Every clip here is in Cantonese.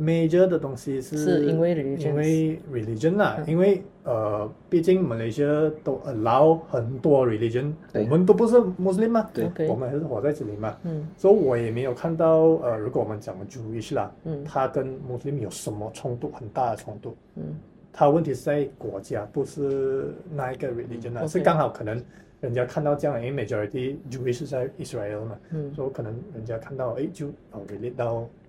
major 的東西是因為 religion 啊，因為、嗯、因為呃，畢竟 Malaysia 都 allow 很多 religion，對我們都不是穆斯林嘛，對 Okay. 我們還是活在這裏嘛，所以、嗯 so、我也沒有看到，呃，如果我們講的 Jewish 啦，嗯、他跟穆斯林有什麼衝突，很大的衝突，嗯、他問題是在國家，不是那一個 religion、嗯、是剛好可能人家看到這樣，樣 majority Jewish 在 is Israel 嘛，所以、嗯 so、可能人家看到，誒就 relate 到。Okay, down,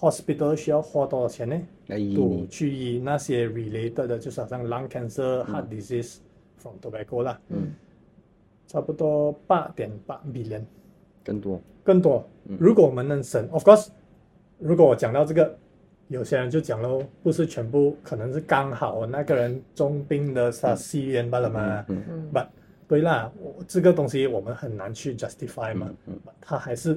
hospital 需要花多少錢呢，都至於那些 related，的，就説、是、上 lung cancer、heart disease、嗯、from tobacco 啦，嗯、差不多八點八 billion，更多更多。更多嗯、如果我們能省，of course，如果我講到這個，有些人就講咯，不是全部可能是剛好那個人中病的他罷了，他吸煙吧啦嘛，but 對啦我，這個東西我們很難去 justify 嘛，嗯嗯、他還是。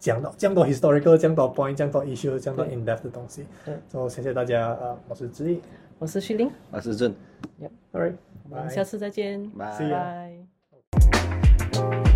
講到講到 historical，講到 point，講到 issue，講到 in depth 嘅東西，嗯對，咁我、so, 謝謝大家啊，我是志毅。我是煦棱，我是俊，好，好嘅，下次再見，拜拜。